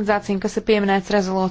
organizācijām, kas ir pieminēts rezolūcijā.